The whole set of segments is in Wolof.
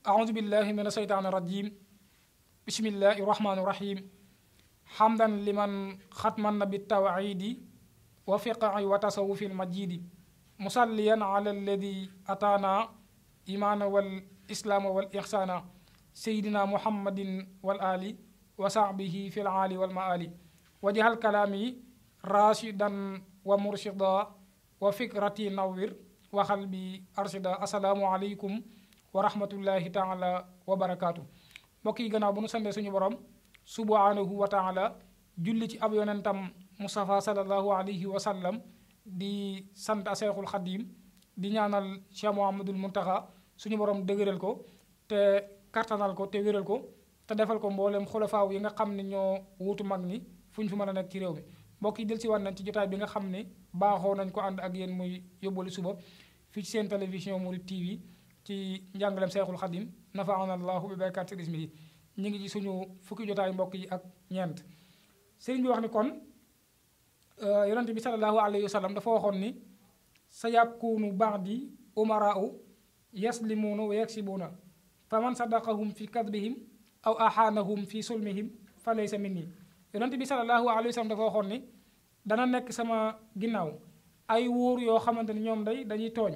أعوذ بالله من الشيطان الرجيم بسم الله الرحمن الرحيم حمدا لمن النبي التوعيد وفقع وتصوف المجيد مصليا على الذي أتانا إيمان والإسلام والإحسان سيدنا محمد والآل وصعبه في العالي والمآل وجه كلامي راشدا ومرشدا وفكرتي نور وقلبي أرشدا السلام عليكم wa rahmatullahi taala wa barakaatu mbokk yi gannaaw bu nu santee suñu borom subhanahu wa taala julli ci ab yonentam Mustafa sallallahu alayhi wa sallam di sant a Seexul Xadiim di ñaanal Cheikh Mouhamadul Muntaxa suñu borom dëgëral ko te kartanal ko te wéral ko te defal ko mboolem xulafaaw yi nga xam ne ñoo wuutu mag ñi fu fi mën a nekk ci réew mi mbokk yi del si wan nañ ci jotaay bi nga xam ne baaxoo nañ ko ànd ak yéen muy yóbbali suba fii ci seen télévision Mouride TV ci njàngaleem seexul xadim nafaana allahu bi barakaati ismihi ñu ngi ci suñu fukki jotaay mbokk yi ak ñeent sëriñ bi wax ni kon yonente bi salallahu alayhi wa sallam dafa waxoon ni sa yakunu baadi umaraau yaslimuuna wa yaksibuuna fa man sadaqahum fi kadbihim aw ahaanahum fi sulmihim fa laysa minni yonente bi salallahu alayhi wa sallam dafa waxoon ni dana nekk sama ginnaaw ay wóor yoo xamante ni ñoom day dañuy tooñ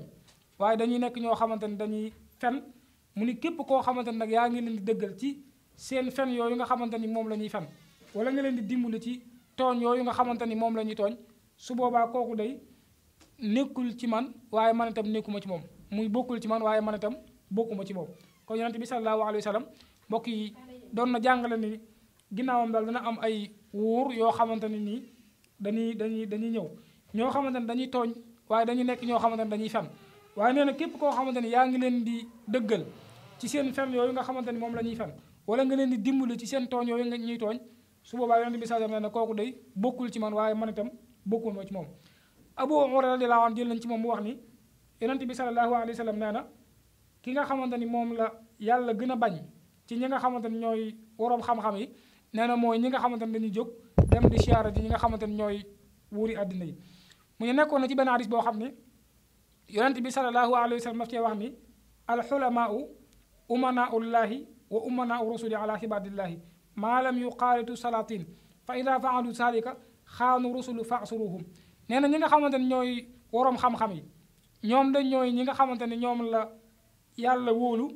waaye dañuy nekk ñoo xamante ne dañuy fen mu ni képp koo xamante ne nag yaa ngi leen di dëggal ci seen fen yooyu nga xamante ni moom la ñuy fen wala nga leen di dimbali ci tooñ yooyu nga xamante ni moom la ñuy tooñ su boobaa kooku day nekkul ci man waaye man itam nekkuma ci moom muy bokkul ci man waaye man itam bokkuma ci moom kon yonente bi sallallahu alayhi wa sallam mbokk yi doon na jàngale ni ginnaawam daal dana am ay wuur yoo xamante ne nii dañuy dañuy dañuy ñëw ñoo xamante ne dañuy tooñ waaye dañuy nekk ñoo xamante ne dañuy fen waaye nee na képp koo xamante ni yaa ngi leen di dëggal ci seen fen yooyu nga xamante ni moom la ñuy fen wala nga leen di dimbali ci seen tooñ yooyu nga ñuy tooñ su boobaa yonent bi sallallahu alayhi wasallam nee na kooku day bokkul ci man waaye man itam bokkul moo ci moom Abu Hurayra radiyallahu anhu jël nañ ci moom mu wax ni yonent bi sallallahu alayhi wasallam nee na ki nga xamante ni moom la yàlla gën a bañ ci ñi nga xamante ni ñooy waroom xam-xam yi nee na mooy ñi nga xamante ni dañuy jóg dem di siyaara ji ñi nga xamante ni ñooy wuuri àddina yi mu ñu nekkoon na ci benn hadis boo xam ne يونت بي صلى الله عليه وسلم مفتي وحني العلماء امنا الله وامناء الرسول على عباد الله ما لم يقارط سلاطين فاذا فعلوا ذلك خانوا الرسل فاعصروهم نينا نيغا خامتاني نوي وروم خام خامي نيوم دا نوي نيغا خامتاني نيوم لا يالا وولو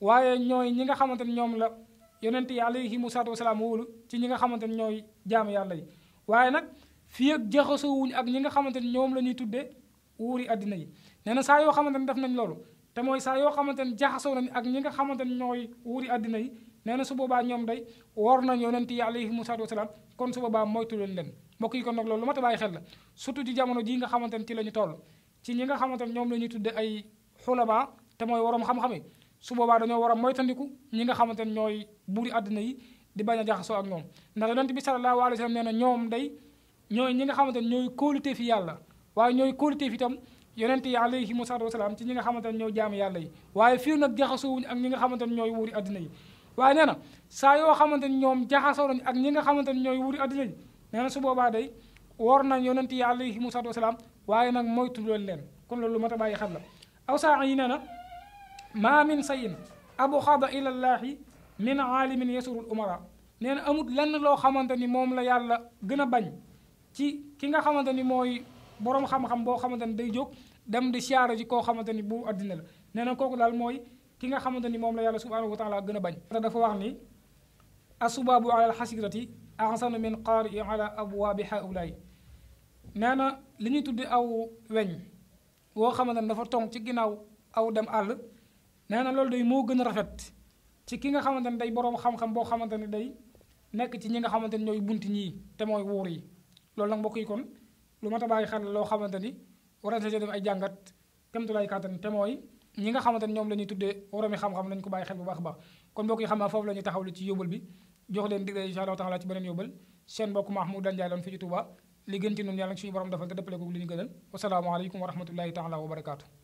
وايي نوي نيغا خامتاني نيوم لا يونت عليه موسى والسلام وولو تي نيغا خامتاني نوي جام يالا وايي نك فيك جخصو وون اك نيغا خامتاني نيوم لا ني تودي uuri addina yi nee na saa yoo xamante ne def nañ loolu te mooy saa yoo xamante ne jaxasoo nañ ak ñi nga xamante ne ñooy uuri addina yi nee na su boobaa ñoom day woor nañ yonent yi alayhimu salaatu wasalaam kon su boobaa moytu leen leen mbokk yi kon nag loolu lu mat a bàyyi xel la surtout ci jamono jii nga xamante ne ci la ñu toll ci ñi nga xamante ne ñoom la ñuy tudde ay xulaba te mooy waroom xam-xame su boobaa dañoo war a moytandiku ñi nga xamante ne ñooy buuri addina yi di bañ a jaxasoo ak ñoom ndax yonent bi sallallahu alayhi wa sallam nee na ñoom day ñooy ñi nga xamante ne ñooy kóolute fi yàlla waaye ñooy kóoluteef itam yonent yi alayhimu salaatu wasalaam ci ñi nga xamante ne ñoo jaamu yàlla yi waaye fii nag jaxasoowuñ ak ñi nga xamante ne ñooy wuuri addina yi waaye nee na saa yoo xamante ni ñoom jaxasoo nañ ak ñi nga xamante ne ñooy wuuri addina yi nee na su boobaa day woor nañ yonent yi alayhimu salaatu wasalaam waaye nag moytu loolu leen kon loolu mat a bàyyi xel la aw saa yi nee na maa min sayin abu xada ilallaahi min aalimin yasurul umara nee na amut lenn loo xamante ni moom la yàlla gën a bañ ci ki nga xamante ni mooy boroom xam-xam boo xamante ni day jóg dem di siyaara ji koo xamante ni bu àddina la nee na kooku daal mooy ki nga xamante ni moom la yàlla subhanahu wa laa gën a bañ te dafa wax ni asubaabu ala alxasirati ahsanu min qaari ala abwaabi haulaay nee na li ñuy tuddi aw weñ woo xamante ni dafa tong ci ginnaaw aw dem àll nee na loolu day moo gën a rafet ci ki nga xamante ni day boroom xam-xam boo xamante ni day nekk ci ñi nga xamante ni ñooy bunt ñii te mooy wuur yi loolu nag mbokk yi kon lu mat a bàyyi xel loo xamante ni war na def ay jàngat kemtulaay kàttan te mooy ñi nga xamante ñoom la ñuy tuddee woromi xam-xam nañ ko bàyyi xel bu baax a baax kon mbokk yi xam naa foofu la ñuy taxaw li ci yóbbal bi jox leen digle incha allah taala ci beneen yóbbal seen mbokk Mahmoud Ndiaye loon fi ci Touba li gën ci nun yàlla suñu borom defal te dëppale ko li ñu gënal wasalaamaaleykum wa rahmatullahi taala wa